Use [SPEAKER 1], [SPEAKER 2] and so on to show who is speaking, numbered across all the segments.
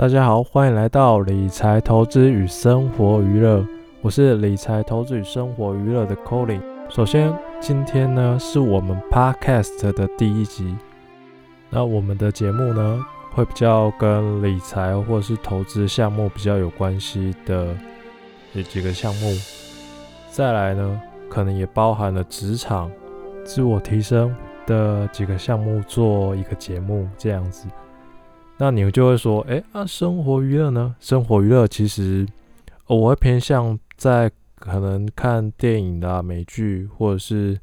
[SPEAKER 1] 大家好，歡迎來到理財投資與生活娛樂，我是理財投資與生活娛樂的 Colin。首先，今天呢是我們 Podcast 的第一集。那我們的節目呢，會比較跟理財或者是投資項目比較有關係的這幾，幾個項目。再來呢，可能也包含了職場、自我提升的幾個項目，做一個節目，這樣子。那你們就會說，哎，那、啊、生活娛樂呢？生活娛樂其實，我會偏向在可能看電影的、啊、美劇，或者是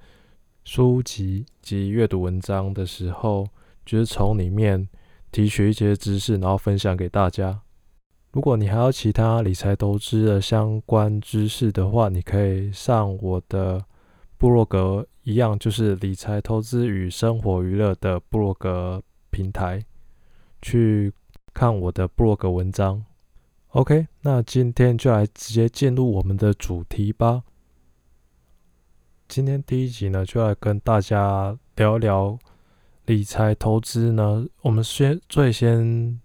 [SPEAKER 1] 書籍及閱讀文章的時候，就是從裡面提取一些知識，然後分享給大家。如果你還有其他理財投資的相關知識的話，你可以上我的部落格，一樣就是理財投資與生活娛樂的部落格平台。去看我的 blog 文章。OK，那今天就來直接進入我們的主題吧。今天第一集呢，就來跟大家聊聊理財投資呢。我們先最先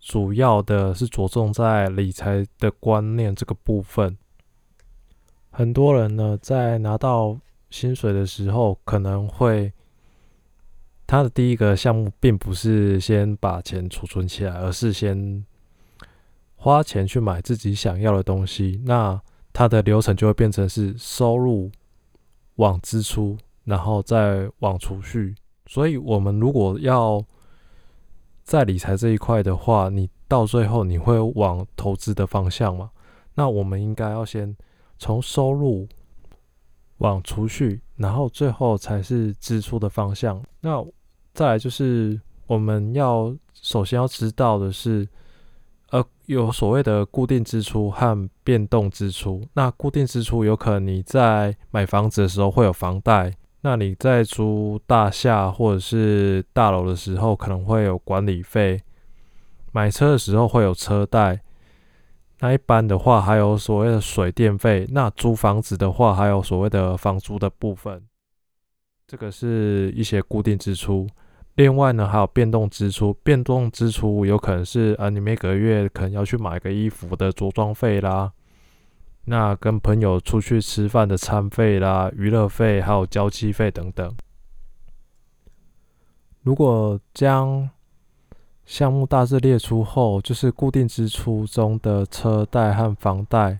[SPEAKER 1] 主要的是着重在理財的觀念這個部分。很多人呢，在拿到薪水的時候，可能會。他的第一個項目並不是先把錢儲存起來，而是先花錢去買自己想要的東西。那他的流程就會變成是收入往支出，然後再往儲蓄。所以，我們如果要在理財這一塊的話，你到最後你會往投資的方向嘛？那我們應該要先從收入往儲蓄，然後最後才是支出的方向。那。再來就是我們要首先要知道的是，呃，有所謂的固定支出和變動支出。那固定支出有可能你在買房子的時候會有房貸，那你在租大廈或者是大樓的時候可能會有管理費，買車的時候會有車貸。那一般的話還有所謂的水電費，那租房子的話還有所謂的房租的部分，這個是一些固定支出。另外呢，還有變動支出。變動支出有可能是，啊，你每個月可能要去買個衣服的着裝費啦，那跟朋友出去吃飯的餐費啦、娛樂費，還有交際費等等。如果將項目大致列出後，就是固定支出中的車貸和房貸，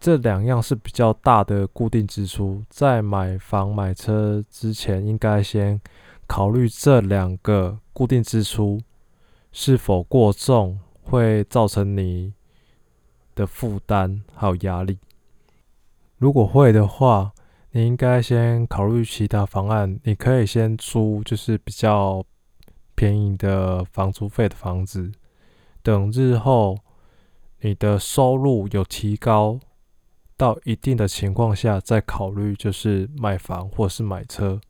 [SPEAKER 1] 這兩樣是比較大的固定支出。在買房買車之前，應該先。考慮這兩個固定支出是否過重，會造成你的負擔還有壓力。如果會的話，你應該先考慮其他方案。你可以先租，就是比較便宜的房租費的房子，等日後你的收入有提高到一定的情況下，再考慮就是買房或是買車。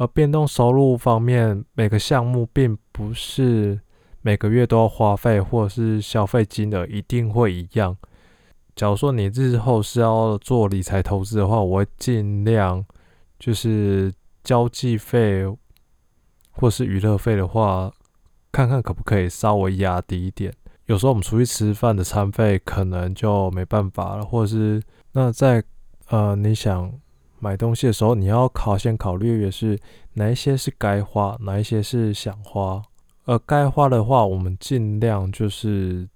[SPEAKER 1] 而變動收入方面，每個項目並不是每個月都要花費，或者是消費金額一定會一樣。假如說你日後是要做理財投資的話，我會盡量就是交際費或是娛樂費的話，看看可不可以稍微壓低一點。有時候我們出去吃飯的餐費可能就沒辦法了，或者是那在呃你想。買東西的時候，你要考先考慮的是哪一些是該花，哪一些是想花。而該花的話，我們盡量就是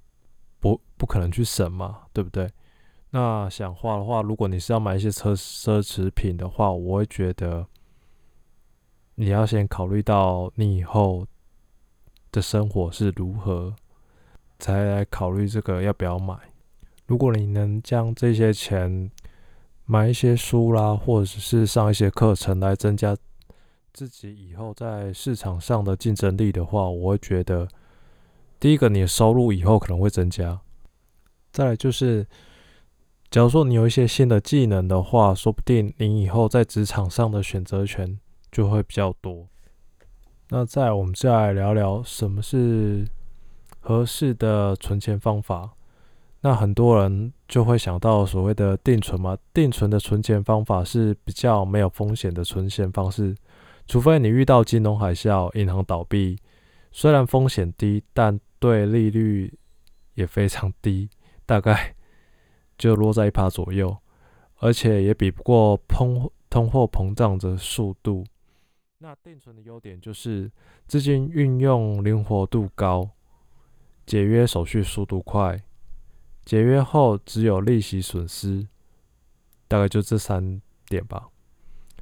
[SPEAKER 1] 不不可能去省嘛，對不對？那想花的話，如果你是要買一些奢侈品的話，我會覺得你要先考慮到你以後的生活是如何，才來考慮這個要不要買。如果你能將這些錢，買一些書啦，或者是上一些課程來增加自己以後在市場上的競爭力的話，我會覺得，第一個你的收入以後可能會增加，再來就是，假如說你有一些新的技能的話，說不定你以後在職場上的選擇權就會比較多。那再我們再來聊聊什麼是合適的存錢方法。那很多人就會想到所謂的定存嘛，定存的存錢方法是比較沒有風險的存錢方式，除非你遇到金融海嘯、銀行倒閉，雖然風險低，但對利率也非常低，大概就落在一趴左右，而且也比不過通通貨膨脹的速度。那定存的優點就是資金運用靈活度高，解約手續速度快。解約後只有利息損失，大概就這三點吧。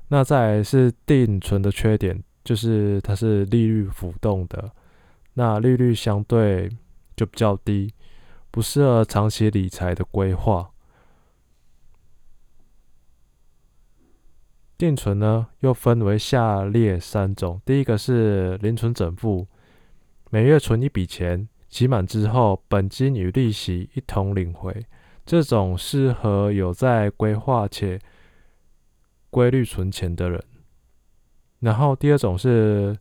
[SPEAKER 1] 那再來是定存的缺點，就是它是利率浮動的，那利率相對就比較低，不適合長期理財的規劃。定存呢，又分為下列三種，第一個是零存整付，每月存一筆錢。期滿之後，本金與利息一同領回。這種適合有在規劃且規律存錢的人。然後第二種是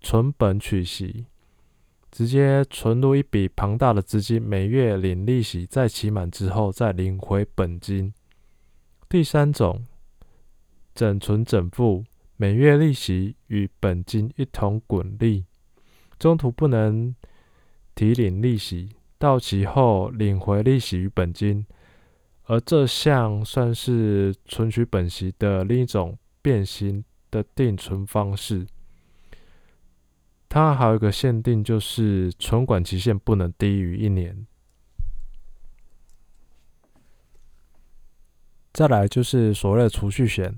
[SPEAKER 1] 存本取息，直接存入一筆龐大的資金，每月領利息，在期滿之後再領回本金。第三種整存整付，每月利息與本金一同滾利，中途不能。提領利息，到期後領回利息與本金，而這項算是存取本息的另一種變形的定存方式。它還有一個限定，就是存款期限不能低於一年。再來就是所謂的儲蓄險，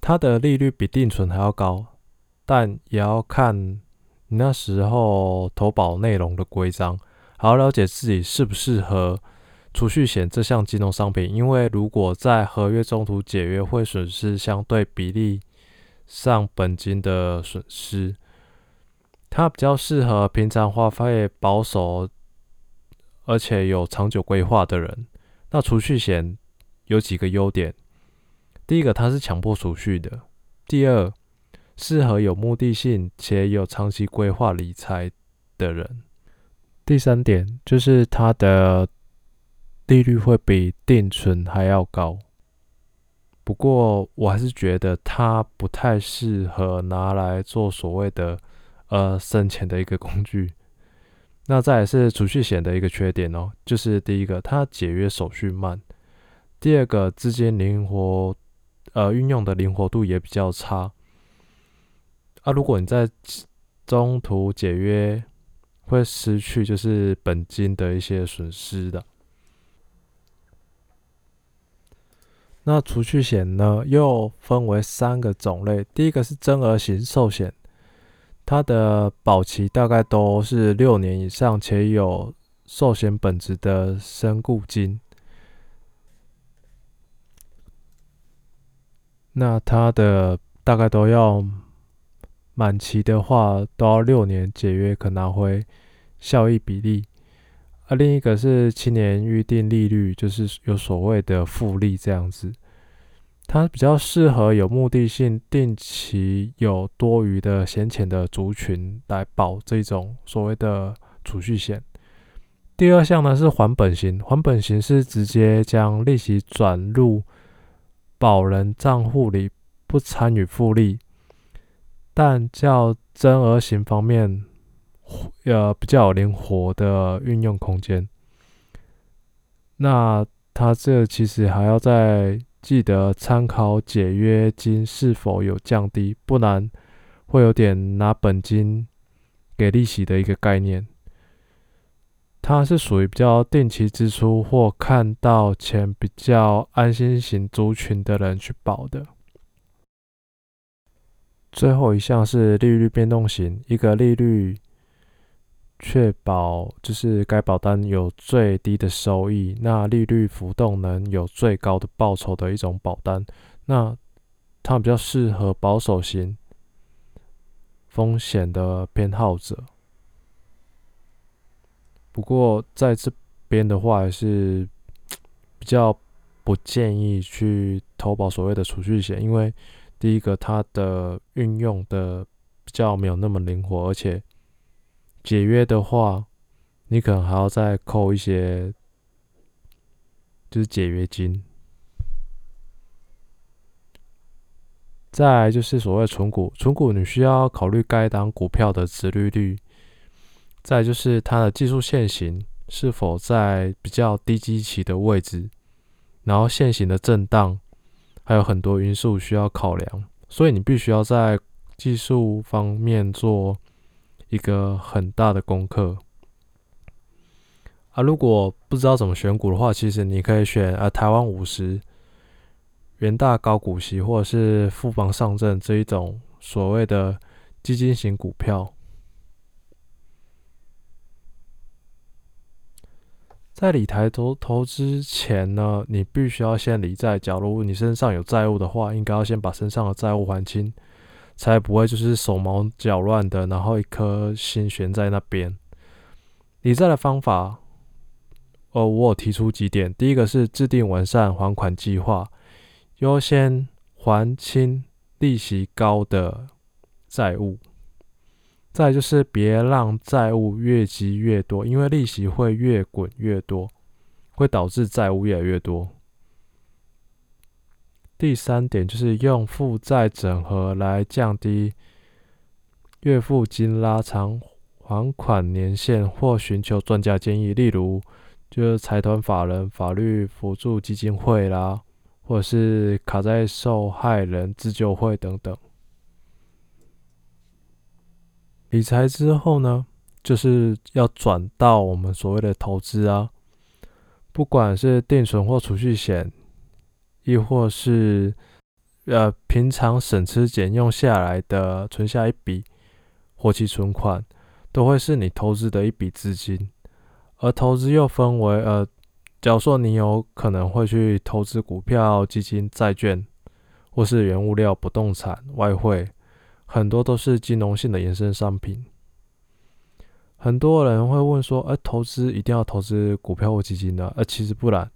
[SPEAKER 1] 它的利率比定存還要高，但也要看。你那時候投保內容的規章，還要了解自己適不適合儲蓄險這項金融商品。因為如果在合約中途解約，會損失相對比例上本金的損失。它比較適合平常花費保守，而且有長久規劃的人。那儲蓄險有幾個優點：第一個，它是強迫儲蓄的；第二。適合有目的性且有長期規劃理財的人。第三點就是它的利率會比定存還要高，不過我還是覺得它不太適合拿來做所謂的呃生錢的一個工具。那再來是儲蓄險的一個缺點哦，就是第一個它解約手續慢，第二個資金靈活呃運用的靈活度也比較差。那、啊、如果你在中途解約，會失去就是本金的一些損失的。那儲蓄險呢，又分為三個種類，第一個是增額型壽險，它的保期大概都是六年以上，且有壽險本質的身故金。那它的大概都要。滿期的話，到六年解約可拿回效益比例。而另一個是七年預定利率，就是有所謂的複利這樣子。它比較適合有目的性、定期有多餘的閒錢的族群來保這種所謂的儲蓄險。第二項呢是還本型，還本型是直接將利息轉入保人賬戶裡，不參與複利。但較增額型方面，呃，比較靈活的運用空間。那它這個其實還要再記得參考解約金是否有降低，不然會有點拿本金給利息的一個概念。它是屬於比較定期支出或看到錢比較安心型族群的人去保的。最後一項是利率變動型，一個利率確保就是該保單有最低的收益，那利率浮動能有最高的報酬的一種保單，那它比較適合保守型風險的偏好者。不過在這邊的話，也是比較不建議去投保所謂的儲蓄險，因為。第一個，它的運用的比較沒有那麼靈活，而且解約的話，你可能還要再扣一些，就是解約金。再來就是所謂存股，存股你需要考慮該檔股票的殖利率，再來就是它的技術線型是否在比較低基期的位置，然後線型的震盪。還有很多因素需要考量，所以你必須要在技術方面做一個很大的功課啊！如果不知道怎麼選股的話，其實你可以選啊台灣五十、元大高股息或者是富邦上證這一種所謂的基金型股票。在理財投投資前呢，你必須要先理債。假如你身上有債務的話，應該要先把身上的債務還清，才不會就是手忙腳亂的，然後一顆心懸在那邊。理債的方法，呃，我有提出幾點。第一個是制定完善還款計劃，優先還清利息高的債務。再就是別讓債務越積越多，因為利息會越滾越多，會導致債務越來越多。第三點就是用負債整合來降低月付金，拉長還款年限，或尋求專家建議，例如就是財團法人法律輔助基金會啦，或者是卡債受害人自救會等等。理財之後呢，就是要轉到我們所謂的投資啊，不管是定存或儲蓄險，亦或是呃平常省吃儉用下來的存下一筆活期存款，都會是你投資的一筆資金。而投資又分為呃，假如說你有可能會去投資股票、基金、債券，或是原物料、不動產、外匯。很多都是金融性的衍生商品。很多人會問說：“呃、欸，投資一定要投資股票或基金的？”呃、欸，其實不然，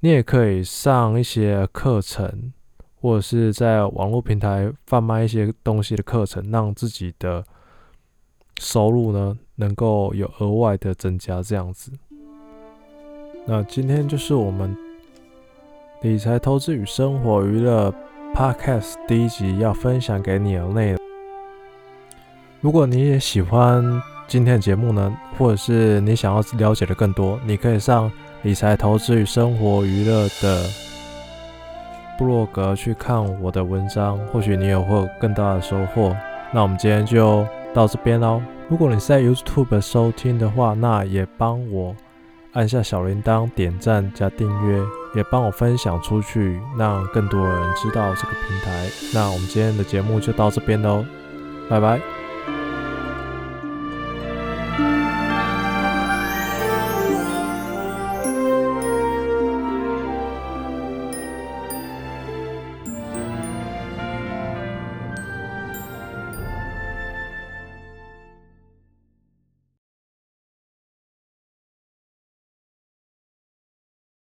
[SPEAKER 1] 你也可以上一些課程，或者是在網絡平台販賣一些東西的課程，讓自己的收入呢能夠有額外的增加。這樣子。那今天就是我們理財投資與生活娛樂 Podcast 第一集要分享給你的內容。如果你也喜歡今天的節目呢，或者是你想要了解的更多，你可以上理財投資與生活娛樂的部落格去看我的文章，或許你也會有更大的收穫。那我們今天就到這邊嘍。如果你是在 YouTube 收聽的話，那也幫我按下小鈴鐺、點贊加訂閱，也幫我分享出去，讓更多的人知道這個平台。那我們今天的節目就到這邊嘍，拜拜。